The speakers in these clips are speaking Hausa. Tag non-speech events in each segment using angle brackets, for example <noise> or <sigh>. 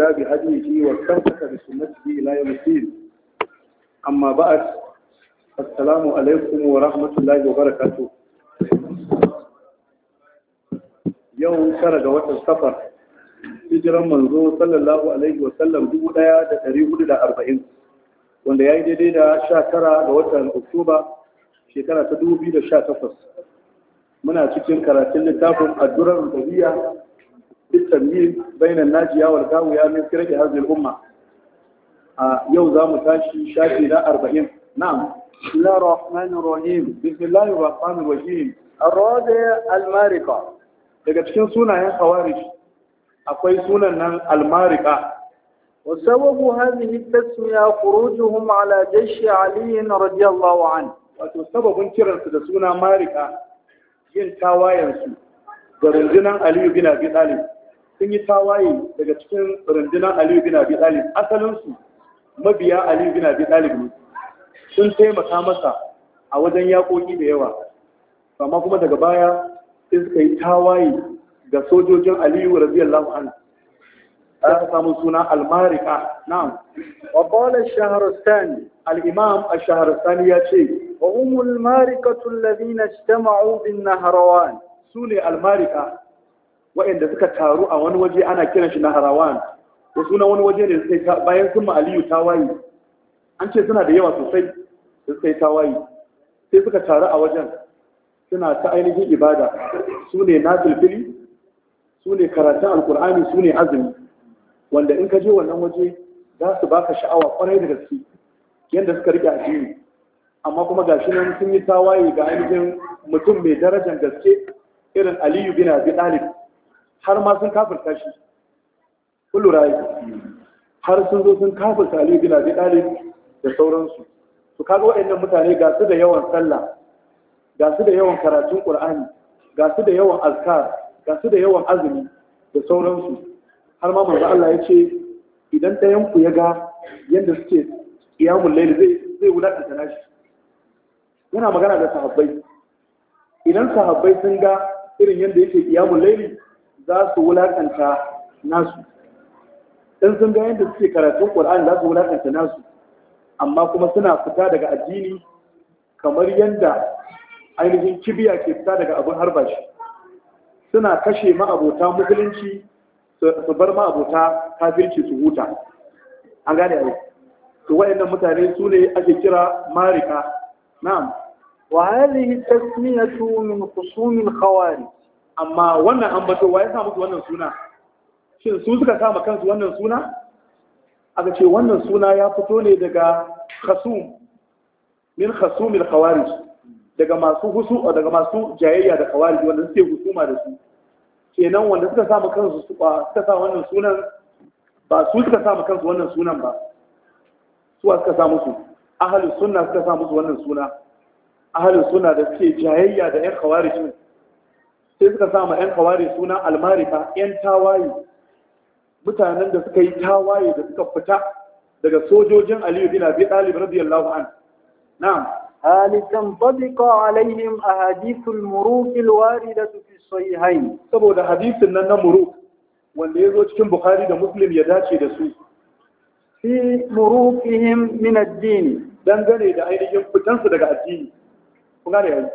اهتدى بهديه واستمسك بسنته الى يوم الدين اما بعد السلام عليكم ورحمه الله وبركاته يوم شرد وتر سفر hijiran manzo sallallahu alaihi wasallam dubu daya da dari da arba'in wanda ya yi daidai da sha tara ga watan oktoba shekara ta dubu biyu da sha takwas muna cikin karatun littafin addurar rubabiya بالتمييز بين الناجية والغاوية من فرق هذه الأمة يوم ذا متاشي شاكي لا أربعين نعم بسم الله الرحمن الرحيم بسم الله الرحمن الرحيم الرابع المارقة daga cikin sunayen khawarij akwai sunan nan almarika wasawabu hadhihi tasmiya khurujuhum ala jaysh ali radiyallahu an wato sababin kiransu da suna marika yin tawayen su ga rundunar ali bin abi sun yi tawaye daga cikin rundunar aliyu bin abi talib asalinsu mabiya aliyu bin abi talib ne sun taimaka masa a wajen yaƙoƙi da yawa amma kuma daga baya sun kai tawaye ga sojojin aliyu radiyallahu anhu aka samu suna almarika na'am wa qala shahrastani al-imam ash-shahrastani ya ce wa humul marikatu alladhina ijtama'u bin nahrawan sune almarika waɗanda suka taru a wani waje ana kiran shi na harawan da suna wani waje ne suka bayan sun ma aliyu waye. an ce suna da yawa sosai da sai ta waye. sai suka taru a wajen suna ta ainihin ibada su ne na filfili su ne karatun alkur'ani su ne azumi wanda in ka je wannan waje za su baka sha'awa kwarai da gaske yadda suka rike addini amma kuma gashi nan sun yi tawaye ga ainihin mutum mai darajar gaske irin aliyu bin abi talib har ma sun kafirta shi kullu rayi har sun zo sun kafirta Ali bin Abi Talib da sauransu to kaga waɗannan mutane ga su da yawan sallah ga su da yawan karatun Qur'ani ga su da yawan azkar ga su da yawan azumi da sauransu har ma manzo Allah ya ce idan ɗayan ku ya ga yadda suke qiyamul layl zai zai wulakanta nashi yana magana da sahabbai idan sahabbai sun ga irin yadda yake iyamun layli za su wulakanta nasu in sun ga yadda suke karatun ƙur'ani za su wulakanta nasu amma kuma suna fita daga addini kamar yadda ainihin kibiya ke fita daga abin harbashi, suna kashe ma'abota musulunci su bar ma'abota kafirci su huta an gane a to waɗannan mutane su ne ake kira marika na'am wa hadhihi tasmiyatu min khusum amma wannan ambato wa ya sa musu wannan suna shin su suka samu kansu wannan suna aka ce wannan suna ya fito ne daga khasum min al khawarij daga masu husu daga masu jayayya da khawarij wanda suke husuma da su kenan wanda suka samu kansu suka sa wannan sunan ba su suka samu kansu wannan sunan ba su suka sa musu ahlus sunna suka sa musu wannan suna ahlus sunna da suke jayayya da ƴan khawarij sai suka sama 'yan kaware suna almarifa 'yan tawaye mutanen da suka yi tawaye da suka fita daga sojojin aliyu bin abi talib radiyallahu an na'am halikan sadiqa alaihim ahadithul muruk alwaridatu fi sahihain saboda hadisin nan na muruk wanda ya zo cikin bukhari da muslim ya dace da su fi murukihim min ad-din dangane da ainihin fitansu daga addini kun gane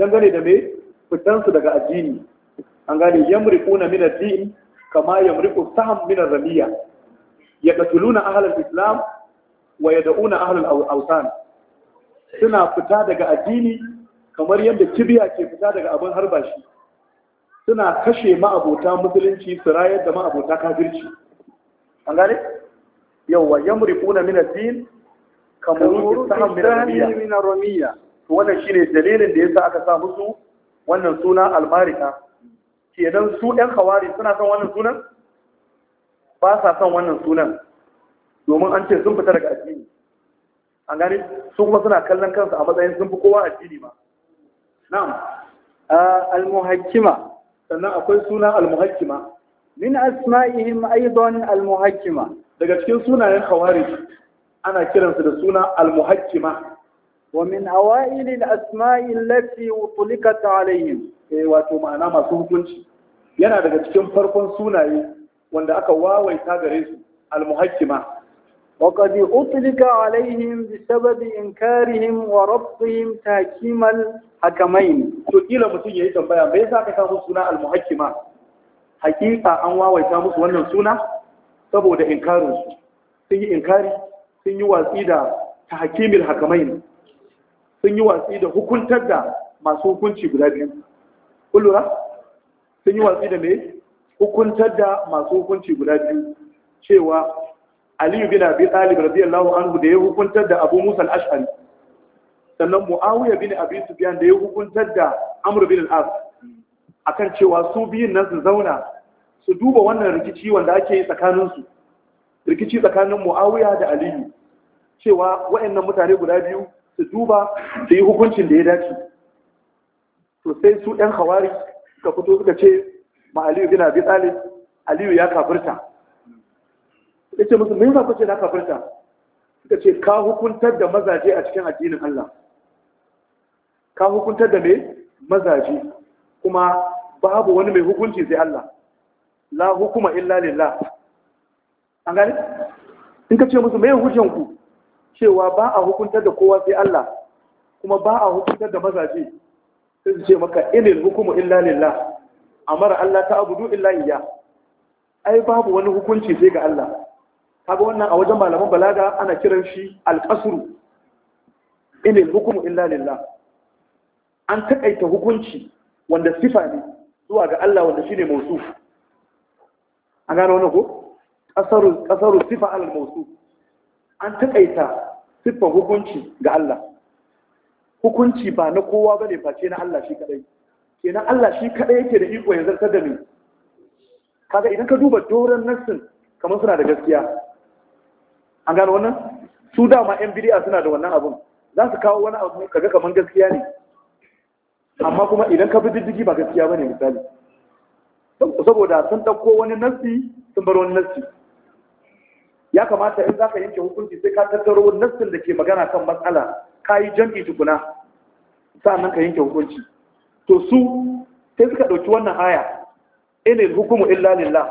dangane da me fitansu daga addini an gane yamriquna min ad-din kama yamriqu saham min ar Ya katuluna ahla al-islam wa yad'una ahla al-awtan suna fita daga addini kamar yadda kibiya ke fita daga abin harba shi suna kashe ma'abota musulunci su rayar da ma'abota kafirci an gane yawwa yamriquna min ad-din kama yamriqu sahm min ar-ramiya wannan shine dalilin da yasa aka sa musu wannan suna ke don su ɗan hawari suna son wannan sunan ba sa son wannan sunan domin an ce sun fita daga addini an gani su kuma suna kallon kansu a matsayin sun fi kowa addini ba. na'am al sannan akwai suna al min asma'ihim aidon al daga cikin sunayen hawari ana kiransu da suna al ومن أوائل الأسماء التي أطلقت عليهم wato ma'ana masu hukunci yana daga cikin farkon sunaye wanda aka wawaita gare su al-muhakkima wa qad utlika alaihim bi sababi inkarihim wa rabtihim takim al-hakamain to kila mutum yayi tambaya me yasa ka samu suna al hakika an wawaita musu wannan suna saboda inkarin su sun yi inkari sun yi watsi da tahkimil hakamain sun yi watsi da hukuntar da masu hukunci guda biyu kullura sun yi watsi da mai hukuntar da masu hukunci guda biyu cewa aliyu bin abi talib radiyallahu anhu da ya hukuntar da abu musa al-ash'ari sannan muawiya bin abi sufyan da ya hukuntar da amr bin al-as akan cewa su biyun nan su zauna su duba wannan rikici wanda ake yi tsakanin su rikici tsakanin muawiya da aliyu cewa nan mutane guda biyu su duba su yi hukuncin da ya dace to sai su ɗan hawari suka fito suka ce ma aliyu bin abi talib aliyu ya kafirta ya ce musu min kuce na kafirta suka ce ka hukuntar da mazaje a cikin addinin Allah ka hukuntar da mai mazaje kuma babu wani mai hukunci sai Allah la hukuma illa lillah an gani in ka ce musu mai hujjan ku cewa ba a hukuntar da kowa sai Allah kuma ba a hukuntar da mazaje sai su ce maka inil hukumu illa lillah amara Allah ta abudu illa iya ai babu wani hukunci sai ga Allah kaga wannan a wajen malaman balaga ana kiran shi alqasru inil hukumu illa lillah an takaita hukunci wanda sifa ne zuwa ga Allah wanda shine mawsuf an gano wannan ko qasaru qasaru sifa al mawsuf an takaita siffar hukunci ga Allah hukunci ba na kowa ba ne face na Allah shi kadai kenan Allah shi kadai yake da iko ya zartar da ni kaga idan ka duba doron nassin kamar suna da gaskiya an gano wannan su dama yan bidiya suna da wannan abun za su kawo wani abu kaga kamar gaskiya ne amma kuma idan ka bi diddigi ba gaskiya bane misali saboda sun dauko wani nassi sun bar wani nassi ya kamata in zaka yanke hukunci sai ka tattaro nassin da ke magana kan matsala ka yi jam'i tukuna nan ka yanke hukunci to su sai suka ɗauki wannan aya inil hukumu illa lillah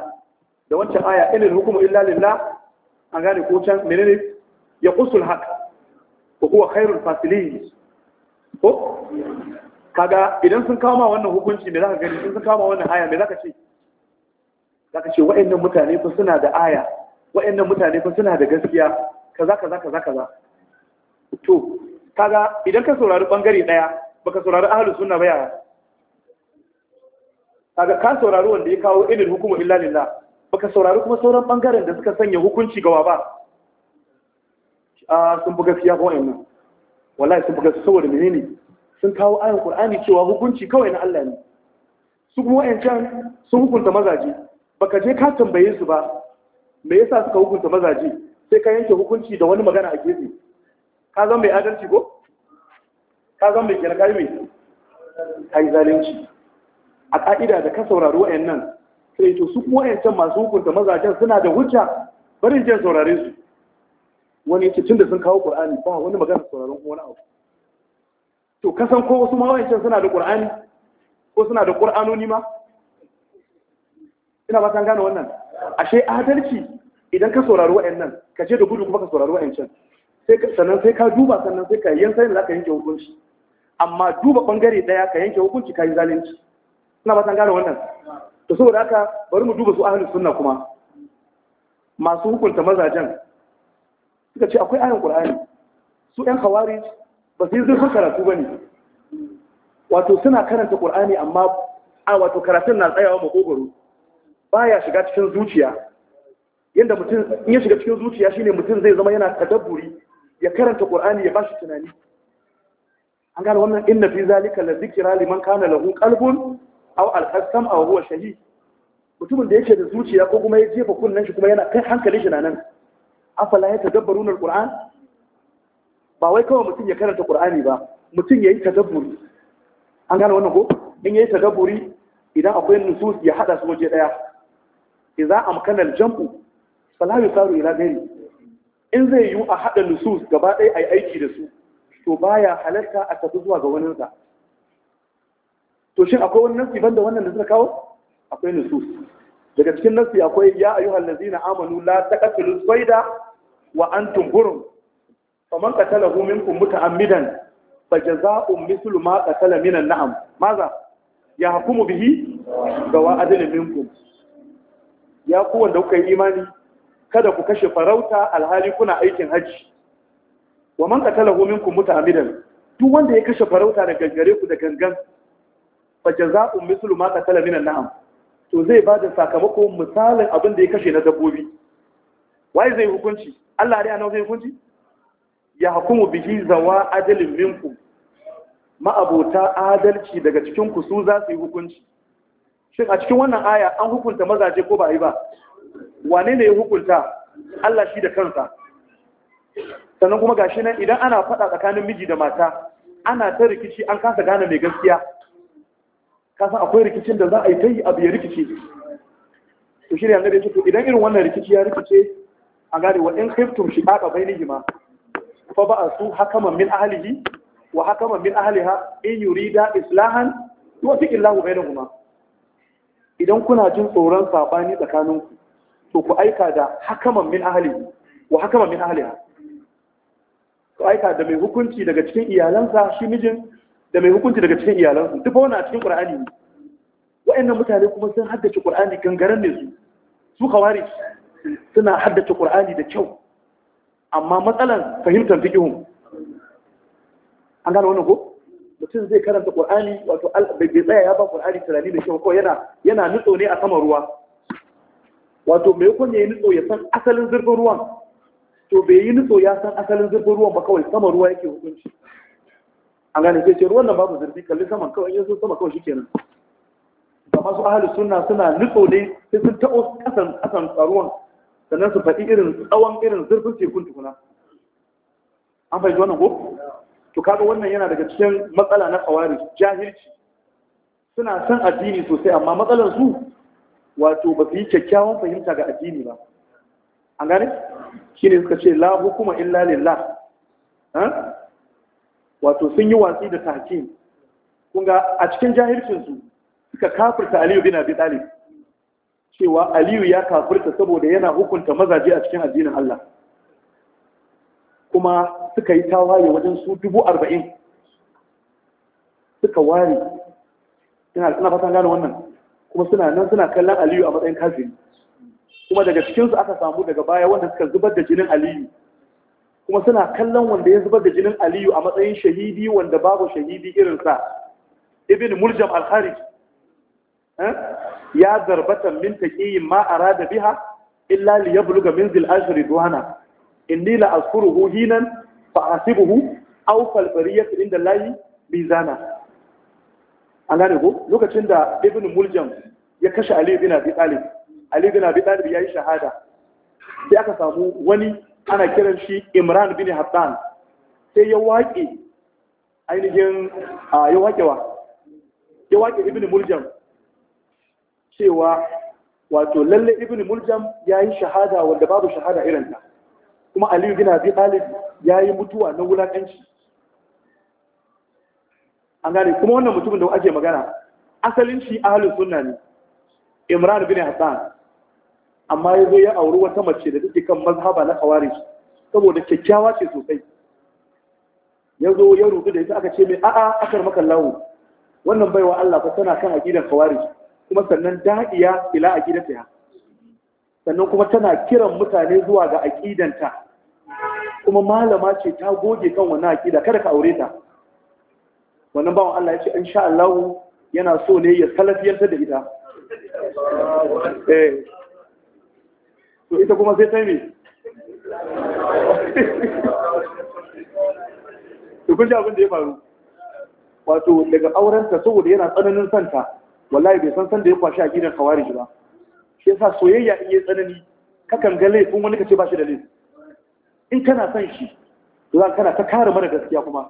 da wancan aya inil hukumu illa lillah an gane ko can menene ya kusul haq wa kuwa khairul fasilin ko kaga idan sun kama wannan hukunci me zaka gani sun kama wannan aya me zaka ce zaka ce wa'annan mutane ko suna da aya wa'annan mutane fa suna da gaskiya kaza kaza kaza kaza to kaga idan ka saurari bangare daya baka saurari ahlus sunna ba yaya kaga ka saurari wanda ya kawo ilil hukumu illa lillah baka saurari kuma sauran bangaren da suka sanya hukunci gawa ba a sun buga gaskiya ko wa'annan wallahi sun buga saboda menene sun kawo ayan qur'ani cewa hukunci kawai na Allah ne su kuma sun hukunta mazaje baka je ka tambaye su ba me yasa suka hukunta mazaje sai ka yanke hukunci da wani magana a gefe ka zama mai adalci ko ka zama mai kirkari mai kai zalunci a ka'ida da ka saurari wayannan sai to su kuma wayancan masu hukunta mazajen suna da hujja barin jin saurare su wani yace tunda sun kawo qur'ani ba wani magana sauraron wani abu to ka san ko wasu ma wayancan suna da qur'ani ko suna da qur'anoni ma ina ba san gane wannan ashe adalci idan ka saurari wa'annan ka je da gudu kuma ka saurari wa'ancan sannan sai ka duba sannan sai ka yanka da za ka yanke hukunci amma duba bangare daya ka yanke hukunci ka yi zalunci Suna ba san gane wannan to saboda haka bari mu duba su ahli sunna kuma masu hukunta mazajen suka ce akwai ayan qur'ani su yan khawarij ba su yi zurfin karatu ba ne. wato suna karanta qur'ani amma a wato karatun na tsayawa Ba ya shiga cikin zuciya yanda mutum in ya shiga cikin zuciya shine mutum zai zama yana tadabburi ya karanta qur'ani ya bashi tunani an gane wannan inna fi zalika la zikra liman kana lahu qalbun aw al-qasam aw huwa shahid mutumin da yake da zuciya ko kuma ya jefa kunnen shi kuma yana kai hankalin shi nan afala ya tadabbaruna al-qur'an ba wai kawai mutum ya karanta qur'ani ba mutum yayi tadabburi an gane wannan ko in yayi tadabburi idan akwai nusus ya hada su waje daya idza amkana al-jam'u fala yusaru ila gari in zai yi a haɗa nusus gaba ɗaya a yi aiki da su to baya halarta a tafi zuwa ga waninsa to shin akwai wani nasi banda wannan da suka kawo akwai nusus daga cikin nasi akwai ya ayyuhal ladzina amanu la taqtulu sayda wa antum hurum faman qatalahu minkum muta'ammidan fajaza'un mithlu ma qatala minan na'am maza ya hukumu bihi gawa adalin minkum ya kowanda kuka yi imani kada ku kashe farauta alhali kuna aikin hajji wa man qatalahu minkum muta'ammidan duk wanda ya kashe farauta da gangare ku da gangan fa jazaa'u mithlu ma qatala minan na'am to zai bada sakamako misalin abin da ya kashe na dabbobi waye zai hukunci Allah dai nawa zai hukunci ya hukumu bihi zawa adalin minkum ma'abota adalci daga cikin ku su za su yi hukunci shin a cikin wannan aya an hukunta mazaje ko ba yi ba wane ne ya hukunta Allah shi da kansa sannan kuma gashi nan idan ana faɗa tsakanin miji da mata ana ta rikici an kasa gane mai gaskiya kasan akwai rikicin da za a yi ta yi abu ya rikice to shi ne an gane to idan irin wannan rikici ya rikice a gane wa in khiftum shiqaqa bainihima fa ba'asu hakaman min ahlihi wa hakaman min ahliha in yurida islahan yuwaffiqillahu bainahuma idan kuna jin tsoron sabani tsakaninku to ku aika da hakaman min ahali, wa hakaman min ahliha ku aika da mai hukunci daga cikin iyalansa shi mijin da mai hukunci daga cikin iyalansa duk wannan a cikin qur'ani ne wa'annan mutane kuma sun haddace qur'ani gangaren ne su su kawari suna haddace qur'ani da kyau amma matsalan fahimtar fikihun an gane wannan ko mutum zai karanta qur'ani wato bai tsaya ya ba qur'ani tunani da kyau ko yana yana nutso ne a saman ruwa wato mai kun ya yi nutso ya san asalin zurfin ruwan to bai yi nutso ya san asalin zurfin ruwan ba kawai sama ruwa yake hukunci an gane ke ce ruwan nan babu zurfi kalli saman kawai yanzu sama kawai shikenan da masu ahalus suna suna nutso ne sai sun taɓo kasan kasan ruwan sannan su faɗi irin tsawon irin zurfin tekun tukuna an fahimci wannan ko to kaga wannan yana daga cikin matsala na tsawari jahilci suna san addini sosai amma matsalar su wato ba su yi kyakkyawan fahimta ga addini ba an gane shi ne suka ce la hukuma illa lillah wato sun yi watsi da tahkim kun ga a cikin jahilcinsu suka kafirta aliyu bin abi talib cewa aliyu ya kafirta saboda yana hukunta mazaje a cikin addinin allah kuma suka yi tawaye wajen su dubu arba'in suka ware ina fatan gane wannan kuma suna nan suna kallon aliyu a matsayin kafiri kuma daga cikinsu aka samu daga baya wanda suka zubar da jinin aliyu kuma suna kallon wanda ya zubar da jinin aliyu a matsayin shahidi wanda babu shahidi irinsa ibn muljam al-kharij eh, ya zarbatan min taqiyin ma arada biha illa li yabluga minzil ashri duhana inni la azkuruhu hinan fa asibuhu aw fal bariyat inda lahi bizana an gane ko lokacin da ibn muljam ya kashe ali bin abi talib ali bin abi talib yayi shahada sai aka samu wani ana kiran shi imran bin hasan sai ya waƙe ainihin ya waƙewa ya waƙe ibn muljam cewa wato lalle ibn muljam ya yi shahada wanda babu shahada irinta kuma aliyu bin abi talib ya yi mutuwa na wulaƙanci an gane kuma wannan mutumin da ake magana asalin shi ahalin sunna ne imran bin hassan amma ya zo ya auri wata mace da take kan mazhaba na kawari saboda kyakkyawa ce sosai ya zo ya rubu da ita aka ce mai a'a akar maka lawo wannan baiwa Allah fa tana kan aqidan kawari kuma sannan da'iya ila ta sannan kuma tana kiran mutane zuwa ga aqidanta kuma malama ce ta goge kan wannan aqida kada ka aure ta wannan bawan Allah ya ce in sha Allah yana so ne ya salafiyarta da ita eh to ita kuma sai ta yi to kun ji abin da ya faru wato daga aurenta saboda yana tsananin santa wallahi bai san san da ya kwashi a gidan kawari ba shi yasa soyayya in yi tsanani kakan ga laifin wani kace ba shi da laifi in kana son shi to kana ta kare mara gaskiya kuma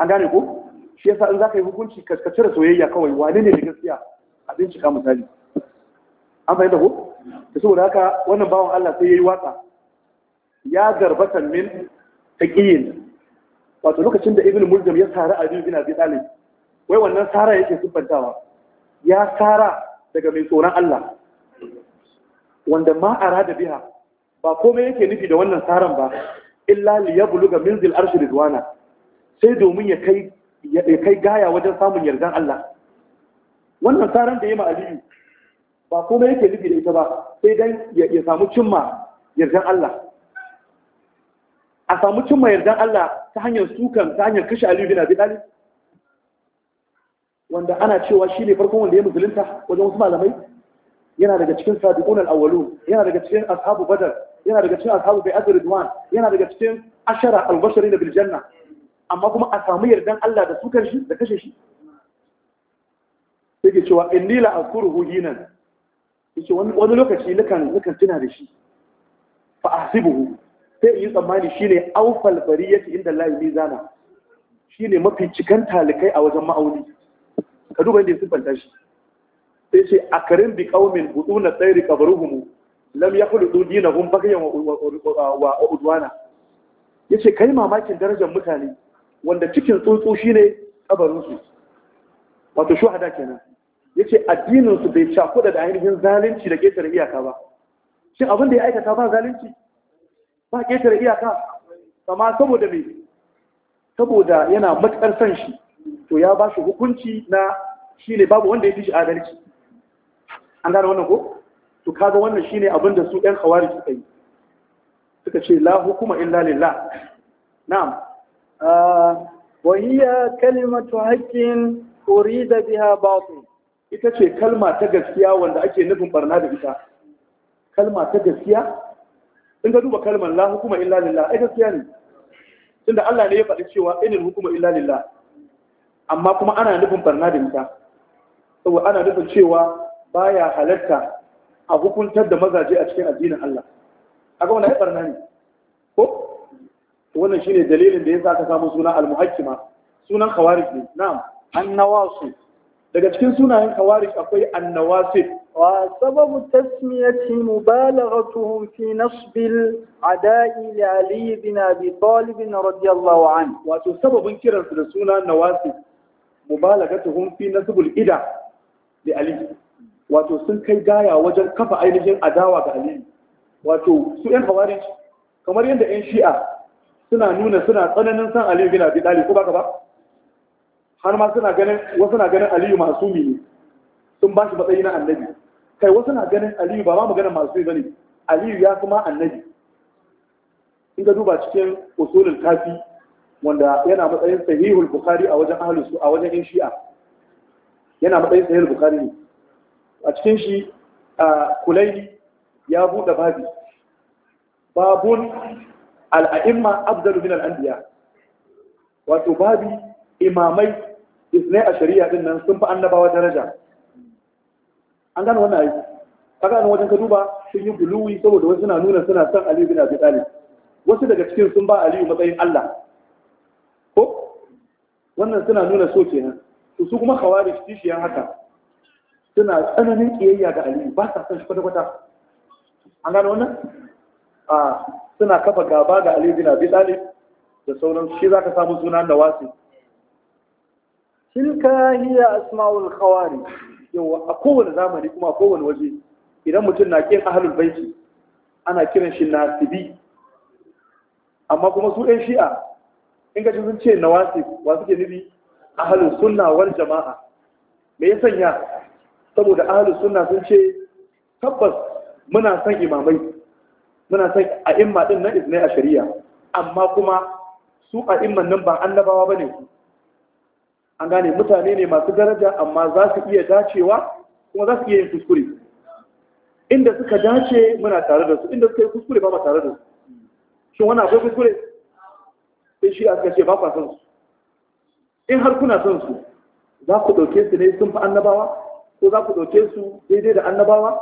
an gane ko shi yasa in za ka yi hukunci ka cire soyayya kawai wane ne da gaskiya a bincika misali an da ko da saboda haka wannan bawan Allah sai yayi watsa. ya garbatan min taqiyin wato lokacin da ibnu muljam ya tsara ali bin abi talib wai wannan tsara yake siffantawa ya tsara daga mai tsoron Allah wanda ma arada biha ba komai yake nufi da wannan tsaran ba illa liyabluga minzil arshi ridwana sai domin ya kai gaya wajen samun yardan Allah wannan saran da ya ma aliyu ba kuma yake nufi da ita ba sai dan ya samu cimma yardan Allah a samu cimma yardan Allah ta hanyar sukan ta hanyar kashe aliyu bin abi talib wanda ana cewa shi ne farkon wanda ya musulunta wajen wasu malamai yana daga cikin sadiqun al-awwalun yana daga cikin ashabu badar yana daga cikin ashabu bai'at ridwan yana daga cikin ashara al-bashirin bil janna amma kuma a samu yardan Allah da sukar shi da kashe shi yake cewa in nila azkuruhu hinan yace wani lokaci nakan nakan tuna da shi fa ahsibuhu sai yi tsammani shine awfal bariyati inda Allah Shi shine mafi cikan talikai a wajen ma'auni ka duba inda sun fanta shi sai ce akarin bi qaumin buduna tsairi qabruhum lam yakhludu dinahum baghyan wa udwana yace kai mamakin darajar mutane wanda cikin tsuntsu shine kabarinsu wato dake nan yace ce addininsu bai cakuɗa da ainihin zalunci da ƙetar iyaka ba shin abin da ya aikata ba zalunci ba ƙetar iyaka amma saboda me saboda yana matuƙar son shi to ya ba shi hukunci na shine babu wanda ya fi shi adalci an gane wannan ko to kaga wannan shine ne da su ɗan khawari suka yi suka ce la hukuma illa lillah na'am وهي كلمة حق أريد بها باطل ita ce kalma ta gaskiya wanda ake nufin barna da ita kalma ta gaskiya in ka duba kalman la hukuma illa lillah ai gaskiya ne tunda Allah ne ya faɗi cewa inil hukuma illa lillah amma kuma ana nufin barna da ita saboda ana nufin cewa baya halarta a hukuntar da mazaje a cikin addinin Allah a wannan ai barna ne ko wannan shine dalilin da yasa aka samu suna al-muhakkima sunan khawarij ne na'am Annawasu. daga cikin sunayen khawarij akwai an-nawasib wa sababu tasmiyati mubalaghatuhum fi nasb al-ada'i li ali bin abi talib radiyallahu anhu wato sababin kiran su da suna nawasib mubalaghatuhum fi nasb al-ida li ali wato sun kai gaya wajen kafa ainihin adawa ga ali wato su yan khawarij kamar yadda yan shi'a suna nuna suna tsananin san aliyu bin abi talib ko baka ba har ma suna ganin wasu na ganin aliyu masumi ne sun ba shi matsayi na annabi kai wasu na ganin aliyu ba ma ganin masu bane aliyu ya kuma annabi in ka duba cikin usulul kafi wanda yana matsayin sahihul bukhari a wajen ahlus a wajen yan shi'a yana matsayin sahihul bukhari ne a cikin shi kulaili ya buɗe babi babun al'a'imma abdalu min al’andiya wato babi imamai isnai a shari'a din nan sun fi annabawa daraja an gano wannan ayi ta gano wajen ka duba sun yi buluwi saboda wasu na nuna suna son Aliyu bin Abi Talib wasu daga cikin sun ba Aliyu matsayin Allah ko wannan suna nuna so kenan to su kuma khawarij kishiyan haka suna tsananin kiyayya ga Aliyu ba sa son shi kwata kwata an gano wannan a ah. suna kafa gaba ga Ali bin Abi da sauran shi zaka samu sunan da wasi tilka hiya asma'ul khawari yawa a kowane zamani kuma a kowane waje idan mutum na kin ahlul baiti ana kiran shi nasibi amma kuma su ɗan shi'a in ka sun ce nawasi wa suke nufi ahlul sunna wal jama'a me ya sanya saboda ahlul sunna sun ce tabbas muna son imamai muna son a imma din nan isnai a shari'a amma kuma su a imman nan ba annabawa ba ne an gane mutane ne masu daraja amma za su iya dacewa kuma za su iya yin kuskure inda suka dace muna tare da su inda suka yi kuskure ba ba tare da su shin wani akwai kuskure sai shi aka ce ba kwa son su in har kuna son su za ku ɗauke su ne sun fi annabawa ko za ku ɗauke su daidai da annabawa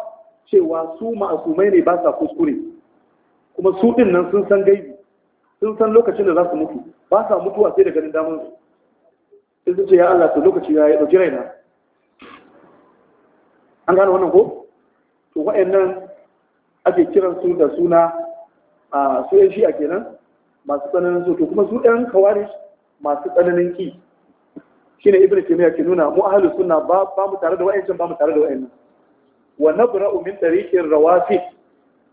cewa su ma'asumai ne ba sa kuskure kuma su ɗin nan sun san gaibi sun san lokacin da za su mutu ba sa mutuwa sai da ganin damar su sai sun ce ya Allah to lokaci ya yi ɗauki raina an gane wannan ko to wa'annan ake kiran su da suna a su yan shi'a kenan masu tsananin so to kuma su ɗan kawari masu tsananin ki Shi ne ibnu kimiyya ke nuna mu ahlus ba mu tare da wa'ancan ba mu tare da wa'annan wa nabra'u min tariqir rawafid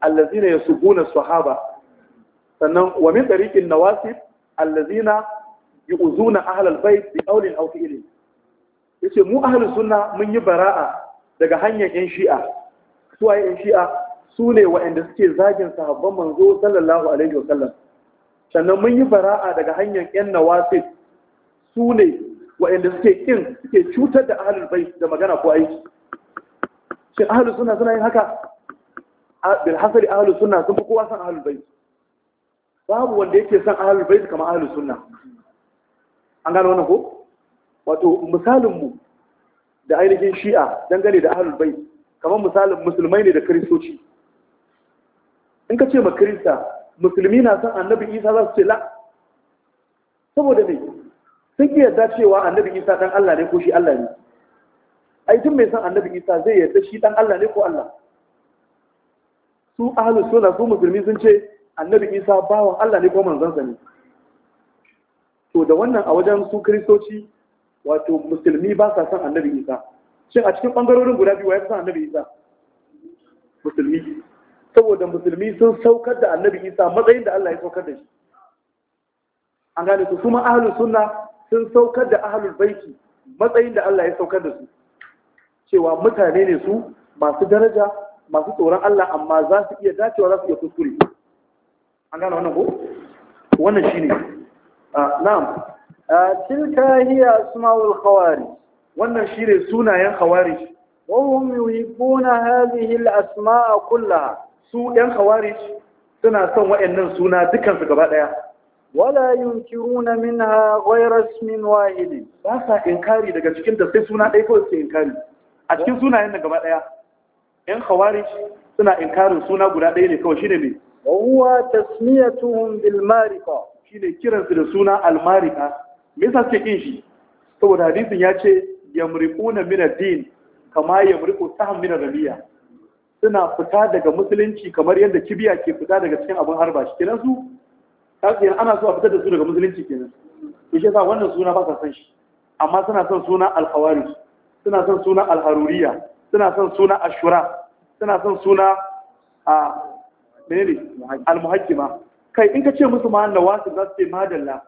allazina yasubuna sahaba sannan wa min tariqin nawasib allazina yu'zuna ahlal bait bi qawlin aw fi'lin yace mu ahlus sunna mun yi bara'a daga hanyar yan shi'a su waye yan shi'a su ne waɗanda suke zagin sahabban manzo sallallahu alaihi wasallam sannan mun yi bara'a daga hanyar yan nawasib su ne waɗanda suke kin suke cutar da ahlul bait da magana ko aiki shin ahlus sunna suna yin haka Ah, bilhassari ahalus ahlus sunna sun fi kowa san ahalus bai. babu wanda yake san ahalus bai kama ahalus sunna an gano wannan ko wato misalin mu da ainihin shi'a dangane da ahalus bai kamar misalin musulmai ne da kristoci in ka ce ma Kirista? musulmi na san annabi isa za su ce la saboda me sun ki yadda cewa annabi isa dan Allah ne ko shi Allah ne ai duk mai san annabi isa zai yarda shi dan Allah ne ko Allah su ahalu suna su musulmi sun ce annabi isa bawan allah ne ko manzansa ne to da wannan a wajen su kristoci wato musulmi ba sa son annabi isa shin a cikin bangarorin guda biyu ya fi son annabi isa musulmi saboda musulmi sun saukar da annabi isa matsayin da allah ya saukar da shi an gane su kuma ahalu sunna sun saukar da ahlul baiti matsayin da allah ya saukar da su cewa mutane ne su masu daraja masu tsoron Allah amma za su iya dacewa za su iya kuskure an gane wannan ko wannan shine ah, na'am ah, tilka hiya asmaul khawarij wannan shine sunayen khawarij wa hum yuhibbuna hadhihi al asma'a kullaha su yan khawarij suna son waɗannan suna dukkan su gaba daya wala yunkiruna minha ghayra ismin wahid ba sa inkari daga cikin da sai suna dai kawai sai inkari a cikin sunayen nan gaba daya yan khawarij suna inkarin suna guda ɗaya ne kawai shine ne wa huwa tasmiyatuhum bil marika shine kiransu da suna al marika me yasa suke kin shi saboda hadisin ya ce yamriquna min ad-din kama yamriqu sahm min ar-rabiya suna fita daga musulunci kamar yadda kibiya ke fita daga cikin abin harba shi kenan su kasu ana so a fitar da su daga musulunci kenan to shi yasa wannan suna ba sa san shi amma suna son suna al-khawarij suna son suna al-haruriya suna son suna ashura suna son suna a menene almuhakkima kai in ka ce musu ma nawasib za su ce madalla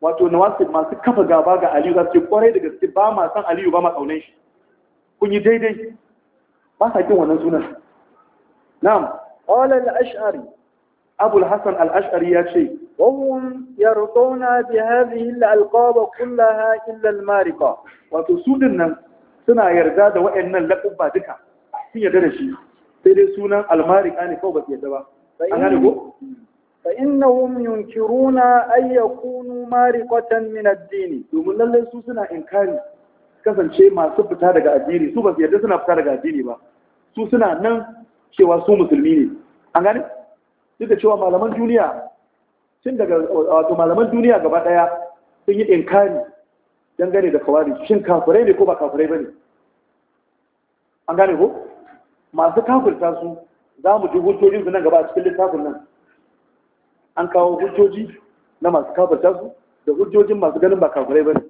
wato nawasib masu kafa gaba ga aliyu za su ce kwarai da gaske ba ma san aliyu ba ma kaunan shi kun yi daidai ba sa kin wannan sunan na'am qala al-ash'ari abu al-hasan al-ash'ari ya ce وهم يرضون بهذه الألقاب كلها إلا المارقة وتسودنا suna yarda da waɗannan laƙubba duka sun yarda da shi sai dai sunan almarika ne kawai ba su yarda ba an gane ko fa innahum yunkiruna ay yakunu mariqatan min ad-din domin lalle su suna inkari kasance masu fita daga addini su ba su yarda suna fita daga addini ba su suna nan cewa su musulmi ne an gane duk da cewa malaman duniya tun daga wato malaman duniya gaba daya sun yi inkari dangane da kawari shin kafirai ne ko ba kafirai ba ne an gane ko masu kafirta su za mu ji hujjojin su nan gaba a cikin littafin nan an kawo hujjoji na masu kafirta su da hujjojin masu ganin ba kafirai ba ne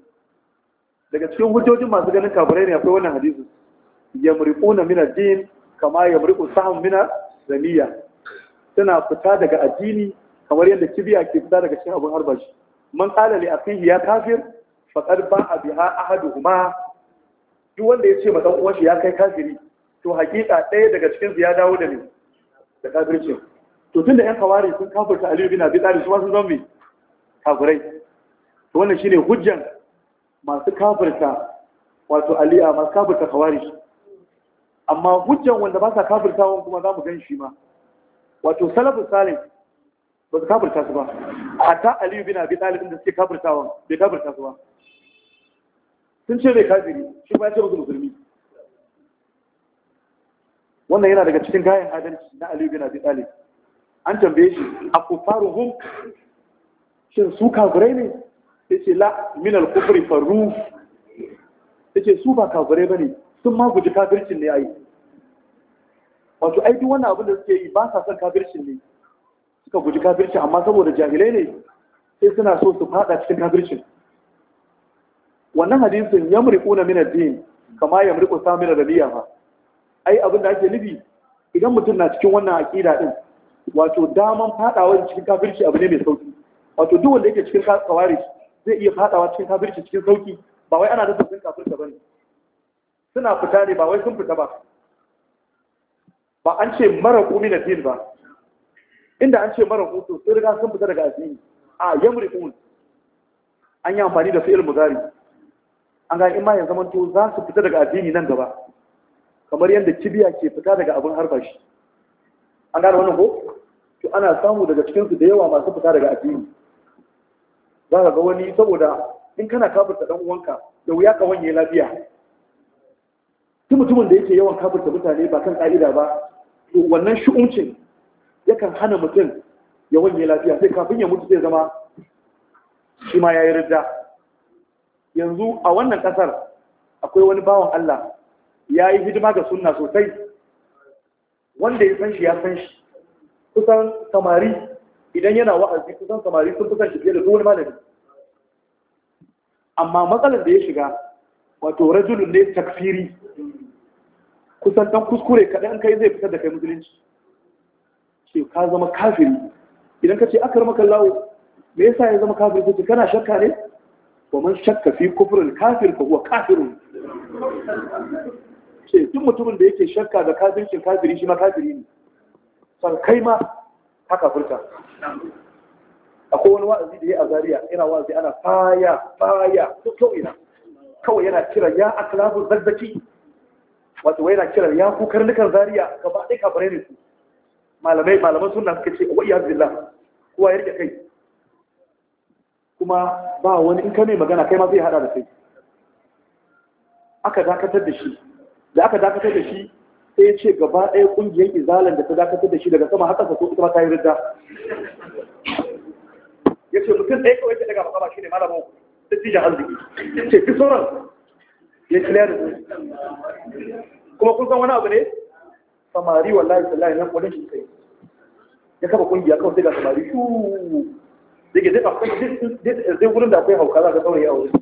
daga cikin hujjojin masu ganin kafirai ne akwai wannan hadisi yamriquna min mina din kama yamriqu sahmun mina zaniya suna fita daga addini kamar yadda kibiya ke fita daga cikin abin harbashi man qala li akhihi ya kafir faƙar ba a biha ahaduhuma duk wanda ya ce ma ɗan uwanshi ya kai kafiri to hakika ɗaya daga cikin ya dawo da ne da kafirci to tun da ƴan kawari sun kafirta aliyu bin abi talib su ma sun zan mai kafirai to wannan shine hujjan masu kafirta wato aliya masu kafirta kawari amma hujjan wanda ba sa kafirtawan kuma za mu gan shi ma wato salafu salim ba su kafirta su ba hatta aliyu bin abi talib da suke kafirtawan bai kafirta su ba sun ce mai kafiri shi ba ce musu musulmi wannan yana daga cikin gayan adalci na aliyu bin abi talib an tambaye shi a kufaru hum shin su kafirai ne ya ce la min al-kufri farru ya ce su ba kafirai ba ne sun ma guji kafircin ne ai wato ai duk wannan abin da suke yi ba sa son kafircin ne suka guji kafircin amma saboda jahilai ne sai suna so su fada cikin kafircin wannan hadisin na min ad-din kama yamriqu samun rabiya ba. ai abin da ake nufi idan mutum na cikin wannan aƙida din wato daman fadawa cikin kafirci abu ne mai sauki wato duk wanda yake cikin kawari zai iya fadawa cikin kafirci cikin sauki ba wai ana nufin sun ba bane suna fita ne ba wai sun fita ba ba an ce mara min ad-din ba inda an ce mara to sun riga sun fita daga addini a yamriqun an yi amfani da fi'il mudari an ga in ya za su fita daga addini nan gaba kamar yadda kibiya ke fita daga abin harba shi an gane wannan ko to ana samu daga cikin su da yawa masu fita daga addini za ka ga wani saboda in kana kafirta dan uwanka da wuya ka wanye lafiya duk mutumin da yake yawan kafirta mutane ba kan ka'ida ba to wannan shu'uncin yakan hana mutum ya wanye lafiya sai kafin ya mutu zai zama shi ma ya yi ridda yanzu a wannan kasar akwai wani bawan Allah ya yi hidima ga sunna sosai wanda ya san shi ya san shi kusan samari idan yana wa'azi kusan samari sun fi san shi fiye da duk wani malami amma matsalar da ya shiga wato rajulun ne takfiri kusan dan kuskure kaɗan kai zai fitar da kai musulunci ce ka zama kafiri idan ka ce aka rama kallawo me yasa ya zama kafiri ce kana shakka ne wa man shakka fi kufrul kafir fa huwa kafirun ce duk mutumin da yake shakka da kafircin kafiri shi ma kafiri ne san kai ma haka furta akwai wani wa'azi da ya azariya ina wa'azi ana faya faya duk ina kawai yana kira ya aklabu zazzaki wato wai yana kira ya ku karnukan zariya gaba ɗaya kafirai ne su malamai malaman suna suka ce wa iyaz billah kowa ya rike kai kuma ba wani in ka mai magana kai ma zai hada da kai aka dakatar da shi da aka dakatar da shi sai ya ce gaba ɗaya ƙungiyar izalan da ta dakatar da shi daga sama haka ka so ita ma ta yi ridda ya ce mutum ɗaya kawai ta daga ba sama shi ne ta dattijan arziki ce fi sauran ya ci layar da kuma kun san wani abu ne samari wallahi sallahi nan kwanin shi kai ya kafa ƙungiya kawai sai ga samari shuu da ke akwai zai wurin da akwai hauka za ka saurayi a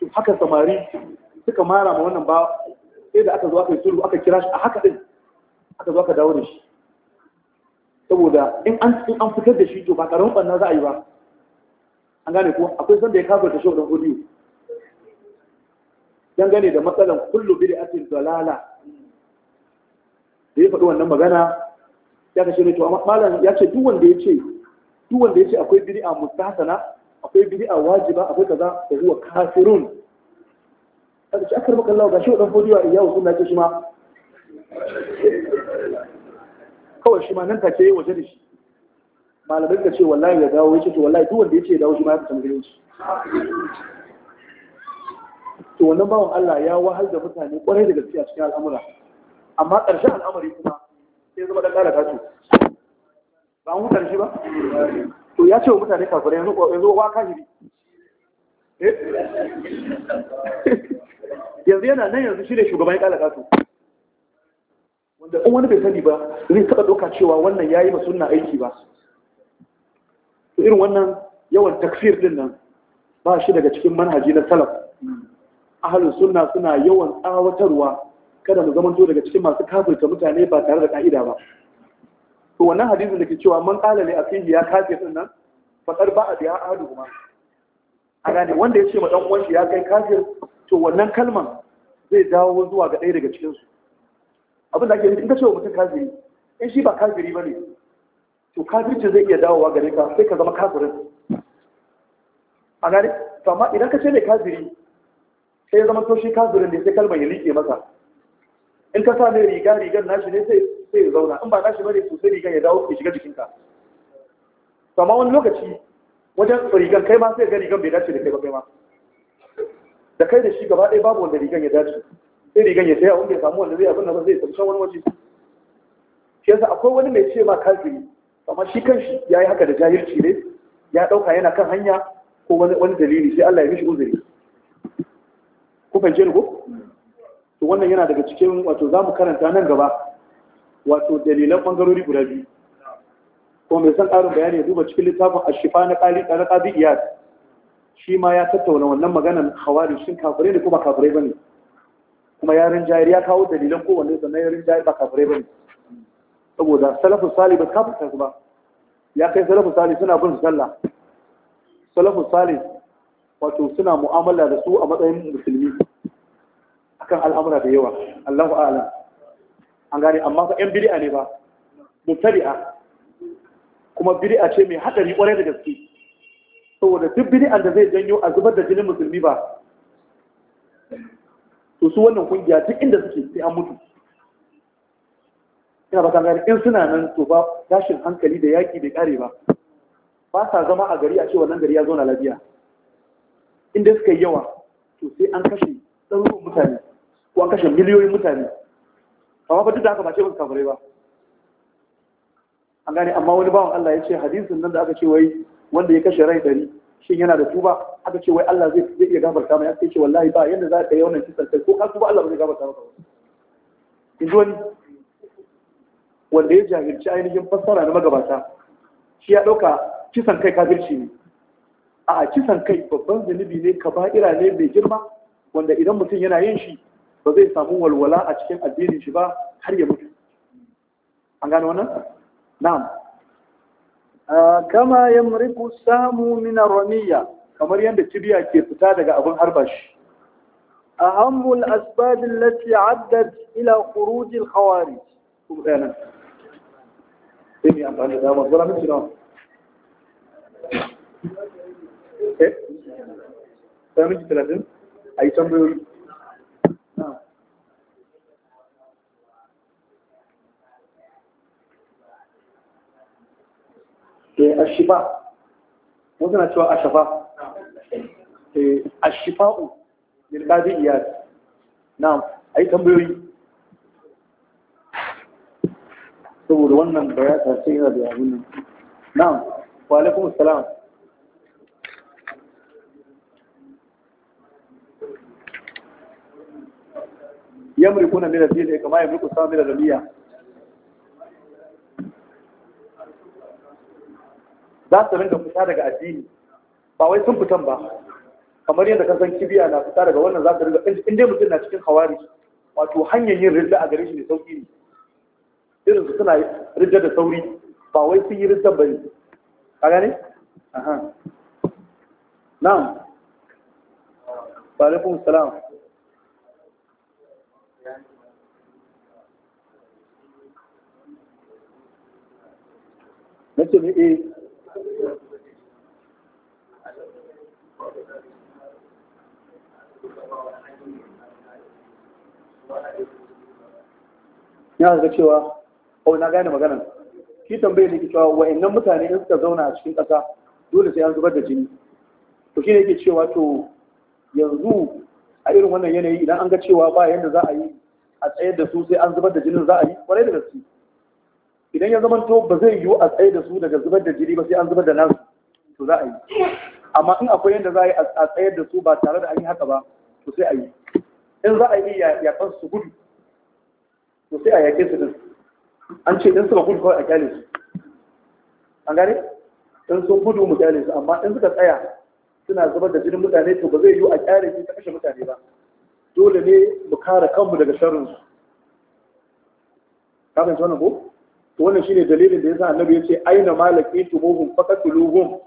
to haka samari suka mara ma wannan ba sai da aka zo aka yi sulhu aka kira shi a haka ɗin aka zo aka dawo da shi saboda in an in an fitar da shi to ba karamin ɓanna za a yi ba an gane ko akwai sanda ya kafa da shi wannan godiyo gane da matsalan kullu bid'atin dalala da ya faɗi wannan magana ya kashe mai to amma malam ya ce duk wanda ya ce duk wanda ya ce akwai bid'a mustahsana akwai bid'a wajiba akwai kaza da huwa kafirun kada ci akar maka Allah gashi wadan fodiwa wasu na ce shi ma kawai shi ma nan take yi waje da shi malamai ka ce wallahi ya dawo yace to wallahi duk wanda ce ya dawo shi ma ya tambaye shi to wannan bawan Allah ya wahal da mutane kwarai da gaskiya cikin al'amura amma ƙarshen al'amari kuma sai zama dan lalata su ba an shi ba to ya ce wa mutane kafirai yanzu yanzu wa kafiri eh? <laughs> yanzu yana nan yanzu shi ne shugaban lalata su wanda in wani bai sani ba zai taɓa ɗauka cewa wannan yayi ba ma sunna aiki ba irin wannan yawan takfir din nan ba shi daga cikin manhaji na salaf ahalin sunna suna yawan tsawatarwa kada mu to daga cikin masu kafirta mutane ba tare da ka'ida ba to wannan hadisin da ke cewa man qala li akhihi ya kafir din nan faqad ba'a bi ahaduhuma a gane wanda ya ce ma dan uwanshi ya kai kafir to wannan kalman zai dawo zuwa ga ɗaya daga cikin su abin da ake nufi in ka ce wa mutum kafiri in shi ba kafiri ba ne to kafirci zai iya dawowa gare ka sai ka zama kafirin a gane to amma idan ka ce ne kafiri sai ya zama to shi kafirin ne sai kalman ya liƙe masa in ka sa mai riga rigar nashi ne sai ya zauna in ba nashi bane to sai rigar ya dawo ya shiga jikinka to amma wani lokaci wajen rigar kai ma sai ga rigar bai dace da kai ba kai ma da kai da shi gaba ɗaya babu wanda rigar ya dace sai rigar ya tsaya wanda ya samu wanda zai abin da zai tafi wani waje shi yasa akwai wani mai ce ma kafiri amma shi shi ya yi haka da jahilci ne ya ɗauka yana kan hanya ko wani dalili sai Allah ya mishi uzuri ku fahimce ni ko to wannan yana daga cikin wato za mu karanta nan gaba wato dalilan bangarori guda biyu ko mai son ƙarin bayani ya duba cikin littafin ashifa na ƙali shi ma ya tattauna wannan maganan hawari shin kafirai ne ko ba ba ne? kuma yaren jayar ya kawo dalilan kowanne sannan yaren jayar ba kafirai ne. saboda salafin sali ba kafirta su ba ya kai salafin sali suna bin sallah salafin sali wato suna mu'amala da su a matsayin musulmi akan al'amura da yawa Allahu a'lam an gane amma fa yan bid'a ne ba mubtadi'a kuma bid'a ce mai hadari kwarai da gaske saboda duk bid'a da zai janyo a zubar da jinin musulmi ba to su wannan kungiya duk inda suke sai an mutu ina ba kan gani in suna nan to ba tashin hankali da yaƙi bai kare ba ba sa zama a gari a ce wannan gari ya zauna lafiya inda suka yi yawa to sai an kashe ɗaruruwan mutane ko an kashe miliyoyin mutane amma ba duk da haka ba ce musu kafirai ba an gane amma wani bawan Allah ya ce hadisin nan da aka ce wai wanda ya kashe rai dari shin yana da tuba aka ce wai Allah zai iya gafarta mai aka ce wallahi ba yadda za ka yi wannan kisan kai ko ka tuba Allah ba zai gafarta maka in ji wani wanda ya jahilci ainihin fassara na magabata shi ya ɗauka kisan kai kafirci ne a kisan kai babban zunubi ne kaba'ira ne mai girma wanda idan mutum yana yin shi ba zai samu walwala a cikin addinin shi ba har ya mutu an gano wannan na'am kama yamriku samu min ramiya kamar yadda kibiya ke fita daga abin harba shi أهم الأسباب التي عدت إلى خروج الخوارج أنا ashifa wasu na cewa ashafa eh, ashifa'u lil qadi'iyat na'am ai tambayoyi saboda wannan bayata sai yana da abin nan na'am wa alaikum assalam yamrikuna min al-fil kama yamriku samira rabiya za su rinka fita daga addini ba wai sun fitan ba kamar yadda kan san kibiya na fita daga wannan za su rinka in dai mutum na cikin hawari wato hanyar yin ridda a gare shi ne sauki ne irin su suna ridda da sauri ba wai sun yi ridda ba ne ka gane na'am Ba alaikum salam na ce ne eh ya ga cewa au oh, na gane maganar ki tambaye ne cewa wa'annan mutane in suka zauna a cikin ƙasa dole sai an zubar da jini to shi ne yake cewa to yanzu a irin wannan yanayi idan an ga cewa ba yadda za a yi a tsayar da su sai an zubar da jinin za a yi kwarai da gaske idan ya zama to ba zai yiwu a tsaye da su daga zubar da jiri ba sai an zubar da nasu to za a yi amma in akwai yadda za a yi a tsayar da su ba tare da an yi haka ba to sai a yi in za a yi yakan su gudu to sai a yake su din an ce in suka gudu kawai a kyale su an gane in sun gudu mu kyale su amma in suka tsaya suna zubar da jinin mutane to ba zai yiwu a kyale su ta kashe mutane ba dole ne mu kare kanmu daga sharrin su ka fahimci wannan ko to wannan shine dalilin da yasa annabi yace aina malaki tumuhum faqatuluhum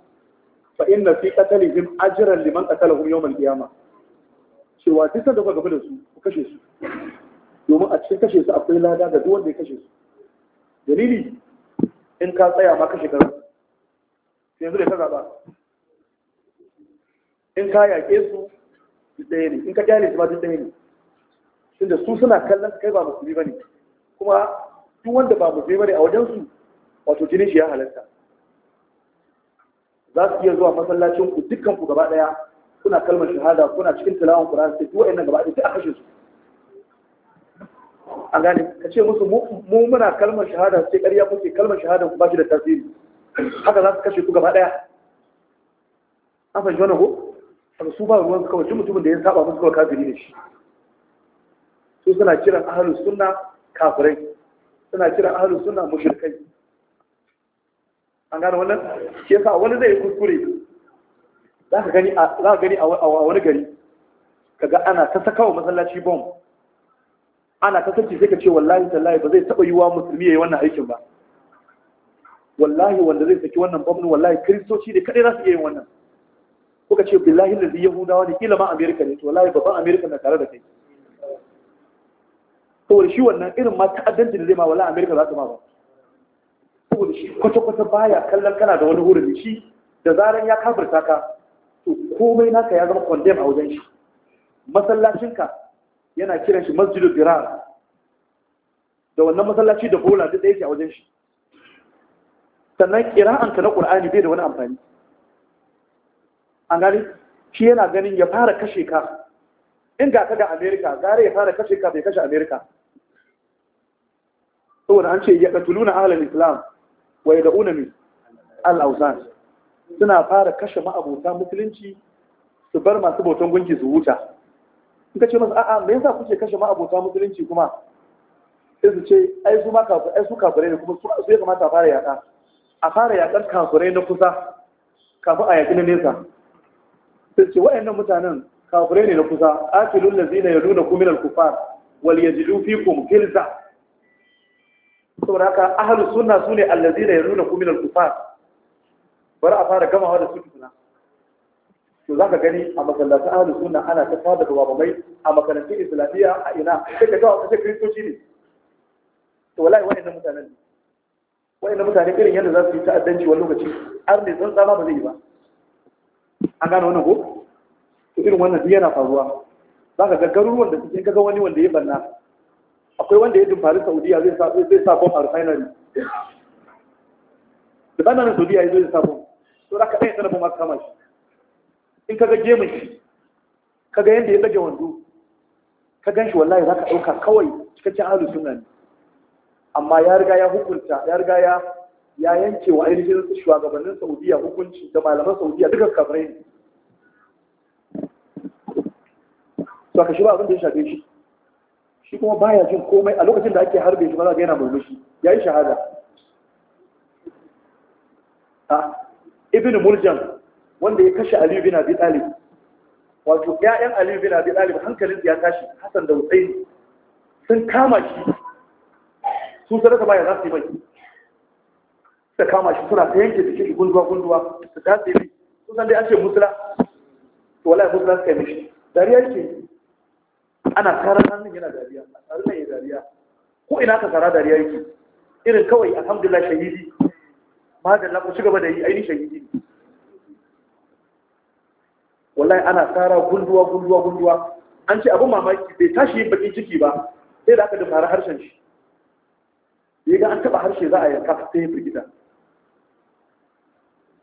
fa inna fi qatalihim ajran liman qatalahum yawm al-qiyamah cewa duk da kuka gaba da su ku kashe su domin a cikin kashe su akwai lada ga duk wanda ya kashe su dalili in ka tsaya ma kashe garin yanzu da ka zaba in ka yaƙe su duk ɗaya ne in ka kyale su ma duk ɗaya ne tunda su suna kallon kai ba musulmi ba ne kuma duk wanda ba musulmi bane a wajensu wato jinin shi ya halatta za su iya zuwa masallacin ku dukkan ku gaba daya kuna kalmar shahada kuna cikin tilawan Qur'an sai duk wayannan gaba daya sai a kashe su an gane ka ce musu mu muna kalmar shahada sai ƙarya kuke kalmar shahada ku ba shi da tasiri haka za su kashe ku gaba daya an fahimci wannan ko su ba ruwan kawai duk mutumin da ya saba musu kawai kafiri ne shi su suna kiran ahlus sunna kafirai suna kira ahlus suna mushrikai an gano wannan Ke sa wani zai kuskure za ka gani a gani a wani gari kaga ana ta sakawa masallaci bom ana ta sarki sai ka ce wallahi tallahi ba zai taba yiwa musulmi yayi wannan aikin ba wallahi wanda zai saki wannan bom wallahi kristoci ne kadai za su iya yin wannan kuka ce billahi lazi yahudawa ne kila ma amerika ne to wallahi babban amerika na tare da kai saboda shi wannan irin ma ta'addanci da zai ma wala amerika za ta ma ba saboda shi kwata-kwata baya kallon kana da wani hurumi shi da zaran ya kafirta ka to komai naka ya zama condemn a wajen shi ka yana kiran shi masjidul dirar da wannan masallaci da bola duk da yake a wajen shi sannan ka na qur'ani bai da wani amfani an gani shi yana ganin ya fara kashe ka in ga ka ga america gare ya fara kashe ka bai kashe america saboda an ce ya na ahalar islam wa ya min al al'ausan suna fara kashe ma'abota musulunci su bar masu bautan gunki su wuta in ka ce masu a'a me yasa kuke kashe ma'abota musulunci kuma sai su ce ai su kafirai ai su ne kuma su ya kamata a fara yaƙa a fara yaƙar kafirai na kusa kafin a yaƙi na nesa sai ce wa'annan mutanen kafirai ne na kusa A filin lazina ya nuna al-kufar wal yajidu fikum filza saboda haka ahlus sunna sune allazina yarunakum min al-kufar bari a fara gamawa da su tuna to za ka gani a masallatan Ahalus sunna ana ta fada da wabamai a makarantun islamiyya a ina sai ka tawa kace kristoci ne to wallahi wa'annan mutanen wa'annan mutane irin yadda za su yi ta'addanci wani lokaci har ne san tsama ba zai yi ba an gane wannan ko to irin wannan duk yana faruwa za ka ga garuruwan da suke ga wani wanda ya banna akwai wanda ya dumfari saudiya zai sa zai sa bom a da ba nan saudiya ya zo ya sa bom to da ka ɗaya tsara bom kama shi in ka ga gemun shi ka ga yadda ya dage wando ka gan shi wallahi za ka ɗauka kawai cikakken ahalu suna ne amma ya riga ya hukunta ya riga ya ya yanke wa ainihin shugabannin saudiya hukunci da malaman saudiya duka kafirai ne to ka shi ba abin da ya shafe shi shi kuma baya jin komai a lokacin da ake harbe shi ba yana murmushi ya yi shahada a ah, ibn Muljan wanda ya kashe aliyu bin abi talib wato ƴaƴan aliyu bin abi talib hankalin ya tashi hasan da husaini sun kama shi sun su sadaka baya za su yi mai suka kama shi suna ta yanke jikin shi gunduwa gunduwa su dace sun san dai an ce musula to wallahi musula suka yi mishi dariya ce ana tsara hannun yana dariya a tsari mai yi dariya ko ina ka tsara dariya yake irin kawai alhamdulillah shahidi madalla ku ci gaba da yi ainihin shahidi ne wallahi ana tsara gunduwa gunduwa gunduwa an ce abin mamaki bai tashi yin bakin ciki ba sai da aka fara harshen shi ya ga an taba harshe za a yanka sai ya firgita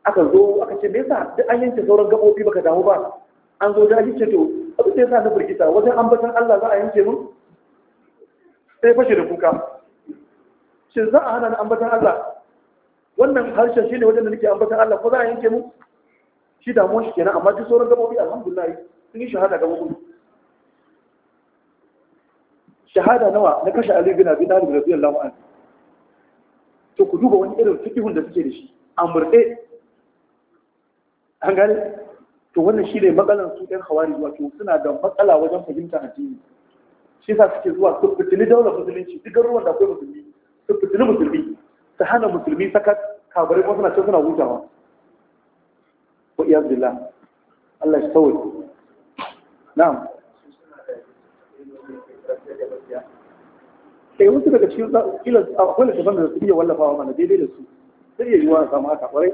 aka zo aka ce me yasa duk an yanke sauran gabobi baka damu ba an zo da ake ce to abin da ya sa na firgita wajen ambatan Allah za a yanke mun sai fashe da kuka shi za a hana na ambatan Allah wannan harshen shi ne wajen da nake ambatan Allah ko za a yanke mun shi damuwa shi kenan amma duk sauran gabobi alhamdulillah sun yi shahada gabobin shahada nawa na kashe Ali bin Abi Talib radiyallahu anhu to ku duba wani irin fikihun da suke da shi Amurde, murde an gane to wannan shi ne matsalar su ɗan hawari wato suna da matsala wajen fahimta addini shi yasa suke zuwa su fitili daular musulunci duk ruwan da akwai musulmi su fitili musulmi su hana musulmi sakat kabari kuma suna can suna hutawa wa iyaz billah Allah shi tawai na'am sai eh, wasu daga cikin kila akwai littafin da su iya wallafawa mana daidai da su zai iya yiwuwa a samu haka kwarai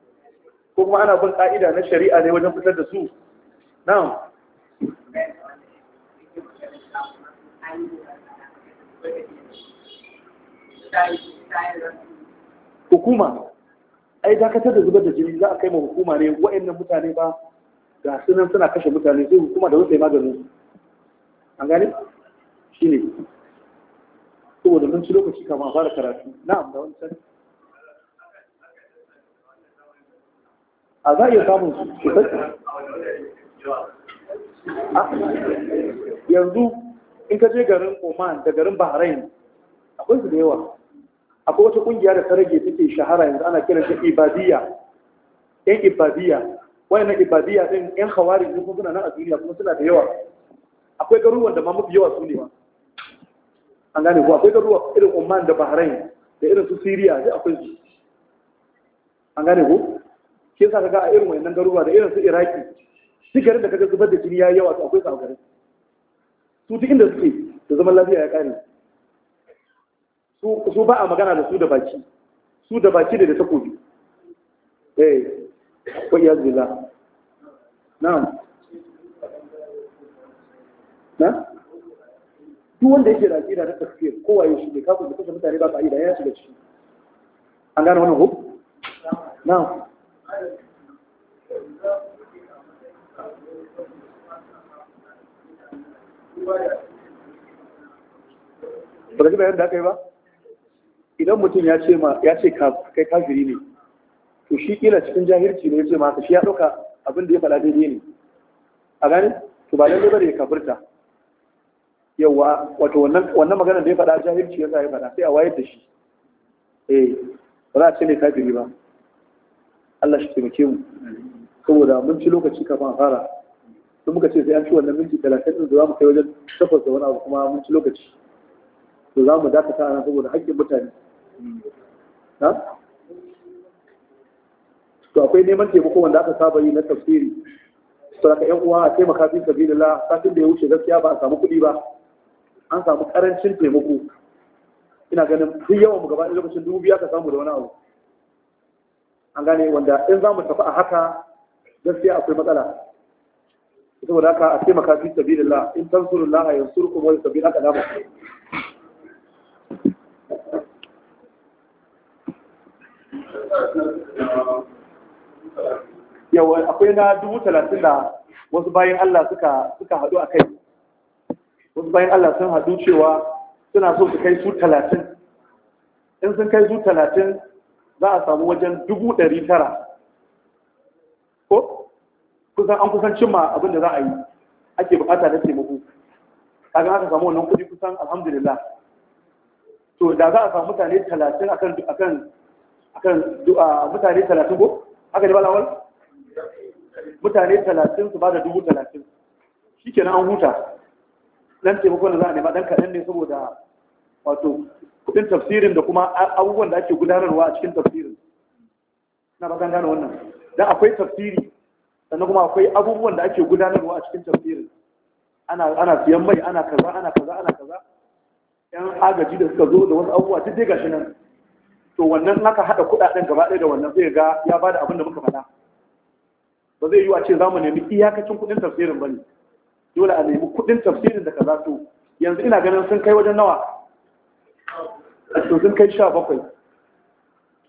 ko kuma ana bin ka'ida na shari'a ne wajen fitar da su na'am hukuma ai dakatar da zubar da jini za a kai ma hukuma ne wa'annan mutane ba ga sunan suna kashe mutane sai hukuma da wasu maganin an gane shi ne saboda mun ci lokaci kama fara karatu na'am da wani sani a za a iya samun su yanzu in ka je garin oman da garin bahrain akwai su da yawa akwai wata kungiya da ta rage take shahara yanzu ana kiran ta ibadiyya yan ibadiyya na ibadiyya din yan hawari ne kuma suna nan a duniya kuma suna da yawa akwai garuruwan da ma mafi yawa su ne ba an gane ko akwai garuwa irin oman da bahrain da irin su siriya da akwai su an gane ko shi yasa kaga a irin wannan garuruwa da irin su iraki duk garin da kaga zubar da jini yayi yawa to akwai sa garin su duk inda suke da zaman lafiya ya kare su ba a magana da su da baki su da baki da da takobi eh ko ya zilla na'am na duk wanda yake da aqida da tafsir kowa ya shige ku da kashe mutane ba ka yi da ya shiga ciki an gane wannan ko na'am ba ji bayan da aka yi ba idan mutum ya ce kai kafiri ne to shi kila cikin jahilci ne ya ce maka shi ya ɗauka abin da ya faɗa daidai ne a gani? to ba lalle bane ya kafirta Yawwa, wato wannan maganar magana da ya faɗa jahilci ya sa ya faɗa sai a wayar da shi eh ba za a ce ne kafiri ba Allah shi taimake mu saboda mun ci lokaci kafin a fara sun muka ce sai an ci wannan minti talatin ɗin da za mu kai wajen takwas da wani abu kuma mun ci lokaci to za mu dakata a nan saboda haƙƙin mutane to akwai neman taimako wanda aka saba yi na tafsiri to aka yan uwa a taimaka fi sabilillah satin da ya wuce gaskiya ba a samu kuɗi ba an samu ƙarancin taimako ina ganin duk yawan mu gaba ɗaya lokacin dubu biyu aka samu da wani abu an gane wanda in za mu tafi a haka gaskiya akwai matsala saboda haka a taimaka fi la, in tansurullah yansurkum wa yusabbihu laka dama yawa akwai na dubu talatin da wasu bayan Allah suka suka haɗu a kai wasu bayan Allah sun haɗu cewa suna so su kai su talatin in sun kai su talatin za a samu wajen dubu ɗari tara ko kusan an kusan cimma abinda za a yi ake bukata na taimako kaga aka samu wannan kudi kusan alhamdulillah to da za a samu mutane talatin akan akan akan mutane talatin ko haka ne balawal mutane talatin su ba da dubu talatin shi kenan an huta Nan taimako da za a nema dan kaɗan ne saboda wato kudin tafsirin da kuma abubuwan da ake gudanarwa a cikin tafsirin na ba gane wannan dan akwai tafsiri sannan kuma akwai abubuwan da ake gudanarwa a cikin tafsirin ana ana siyan mai ana kaza ana kaza ana kaza yan agaji da suka zo da wasu abubuwa duk dai gashi nan to wannan naka hada kudaden gaba ɗaya da wannan zai ga ya bada abin da muka faɗa ba zai yiwu a ce za mu nemi iyakacin kudin tafsirin bane dole a nemi kudin tafsirin da kaza to yanzu ina ganin sun kai wajen nawa to sun kai sha bakwai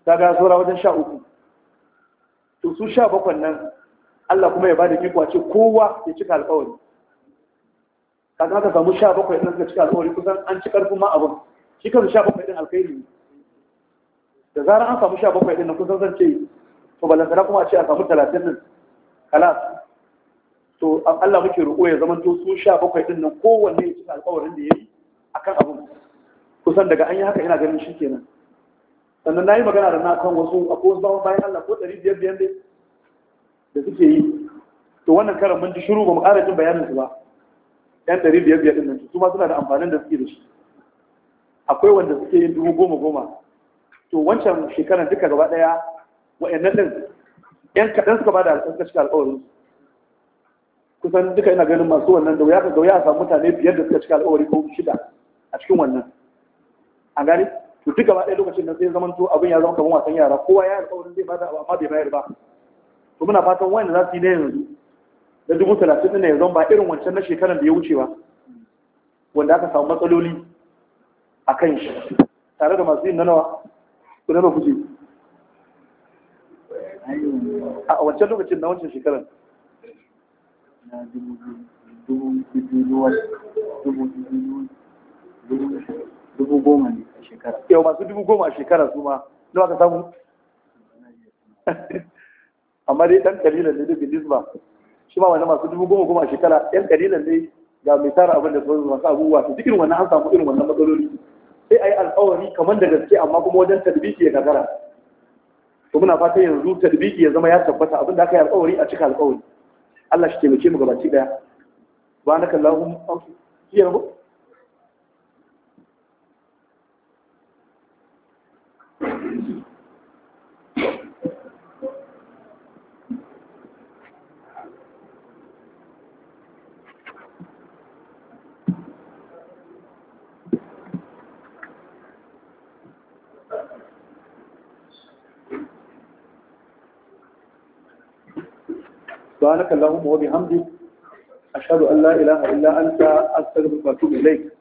ta ga saura wajen sha uku to su sha bakwai nan Allah kuma ya bada kikwa ce kowa ya cika alƙawari Ka ka samu sha bakwai nan ka cika alkawari kusan an ci karfin ma abin shi kan sha bakwai din alkhairi da zarar an samu sha bakwai din nan kusan zan ce to balantana kuma a ce a samu talatin nan kalas to Allah muke roƙo ya zama to su sha bakwai din nan kowanne ya cika alƙawarin da ya yi akan abin kusan daga an yi haka ina ganin shi kenan sannan na yi magana da na kan wasu a ko wasu bayan Allah ko ɗari biyar biyar da suke yi to wannan karan mun ji shiru ba mu ƙara jin bayanin su ba yan ɗari biyar biyar ɗin nan su ma suna da amfanin da suke da shi akwai wanda suke yin dubu goma goma to wancan shekaran duka gaba ɗaya wa'annan ɗin yan kaɗan suka bada alƙasar cika alƙawarin kusan duka ina ganin masu wannan da wuya ka ga wuya a samu mutane biyar da suka cika alƙawari ko shida a cikin wannan a gani to duk gaba ɗaya lokacin da sai zama to abin ya zama kamar wasan yara kowa ya alƙawarin zai bada amma bai bayar ba to muna fatan wanda za su yi na yanzu da dubu talatin ɗin ya zama ba irin wancan na shekaran da ya wuce ba wanda aka samu matsaloli a kan shi tare da masu yin na nawa ku nawa kuje a wancan lokacin na wancan shekaran dubu goma ne a shekara yau masu dubu goma a shekara su ma nawa ka samu <laughs> amma dai ɗan kalilan ne duk nisba shi ma wani masu dubu goma goma a shekara yan kalilan ne ga mai tara abin da sauran masu abubuwa su duk irin wannan an samu irin wannan matsaloli sai a yi alkawari kamar da gaske amma kuma wajen tadbiki ya gagara to muna fata yanzu tadbiki ya zama ya tabbata abin da aka yi alkawari a cika alkawari Allah shi taimake mu gabaci ɗaya, ba na kallahu an fiye na subhanakallahumma wa bihamdik hamdu ashadu la ilaha illa anta astaghfiruka wa atubu ilayk